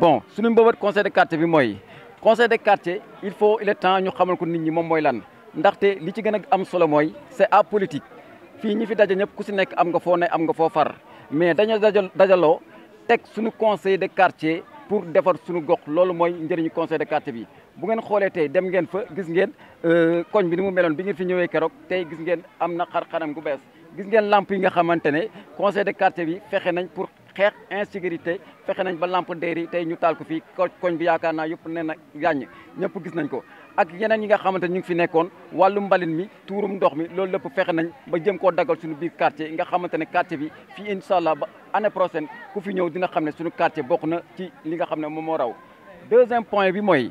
bon suñu mbëbët conseil de quartier bi conseil de quartier il faut il est temps ñu xamal ko nit ñi moom mooy lan ndaxte li ci gën am solo mooy c'est apolitique fii ñi fi daje ñëpp ku si nekk am nga foo ne am nga foo far mais dañoo dajal dajaloo teg suñu conseil de quartier pour défendre suñu gox loolu mooy njëriñu conseil de quartier bi bu ngeen xolé tey dem ngeen fa gis ngeen euh, koñ bi ni mu meloon bi ngeen fi ñëwee kérok tey gis ngeen am na xar gu bess gis ngeen lampe yi nga xamante conseil de quartier bi fexé nañ pour xeex insécurité fexe nañ ba lampe déer tey ñu taal ko fii koñ bi yaakaar naa yëpp nee na yàññ ñëpp gis nañ ko ak yeneen ñi nga xamante ñu ngi fi nekkoon wàllu mbalin mi tuurum ndox mi loolu lépp fexe nañ ba jëm koo daggal suñu biir quartier yi nga xamante ne quartier bi fii incha allah ba année prochaine ku fi ñëw dina xam ne suñu quartier bokk na ci li nga xam ne moom moo raw deuxième point bi mooy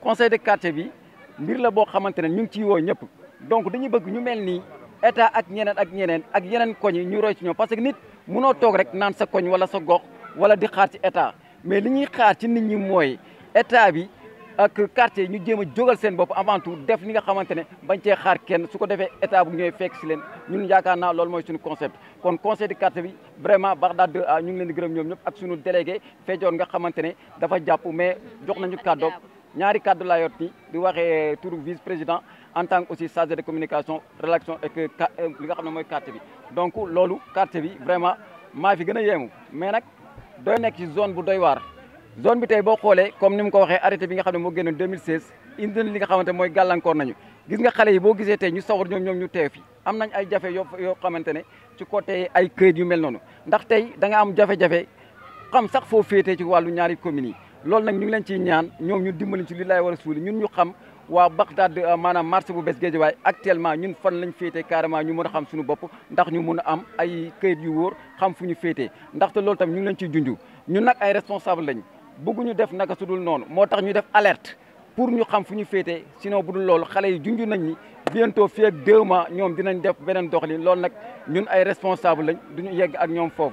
conseil de quartier bi mbir la boo xamante ne ñu ngi ciy woo ñëpp donc dañu bëgg ñu mel nii état ak ñeneen ak ñeneen ak yeneen koñ yi ñu roy ci parce que nit munoo toog rek naan sa koñ wala sa gox wala di xaar ci état mais li ñuy xaar ci nit ñi mooy état bi ak quartier ñu jéem a jogal seen bopp avant tout def li nga xamante ne bañ cee xaar kenn su ko defee état bu ñëwee fekk si leen ñun yaakaar naa loolu mooy suñu concept kon conseil de quartier bi vraiment Bagdad 2A ñu ngi leen di gërëm ñoom ñëpp ak suñu délégué feejoon nga xamante ne dafa jàpp mais jox nañu kàddoog ñaari cadre la yotti di waxé tour vice président en tant aussi chargé de communication relation ak euh, li nga xamné moy carte bi. donc lolu carte bi vraiment ma fi gëna a mais nak doy nek ci zone bu doy war zone bi tay bo xolé comme nim ko waxé arrêté bi nga xamné mo moo 2016 indi li nga xamanté moy gàllankoor nañu. gis nga xalé yi bo gisé tay ñu sawar ñoom ñoom ñu téw fi amnañ ay jafé yo yoo xamante ci côté ay këyit yu mel nonu ndax tay da nga am jafé jafé xam sax fo fété ci walu ñaari communes loolu nag ñu ngi leen ciy ñaan ñoom ñu dimbali ci lillaay wa rasuuli ñun ñu xam waa Bagdad euh, maanaam marché bu bees Guédiawaye actuellement ñun fan lañ féetee carrément ñu mun a xam suñu bopp ndax ñu mën a am ay kayit yu wóor xam fu ñu féetee ndaxte loolu tam ñu ngi leen ciy junju ñu nag ay responsable lañ bëgguñu def naka su noonu moo tax ñu def alert pour ñu xam fu ñu féetee sinon bu dul loolu xale yi junju nañ ni bientôt fii ak deux mois ñoom dinañ def beneen doxalin loolu nag ñun ay responsable lañ duñu yegg ak ñoom foofu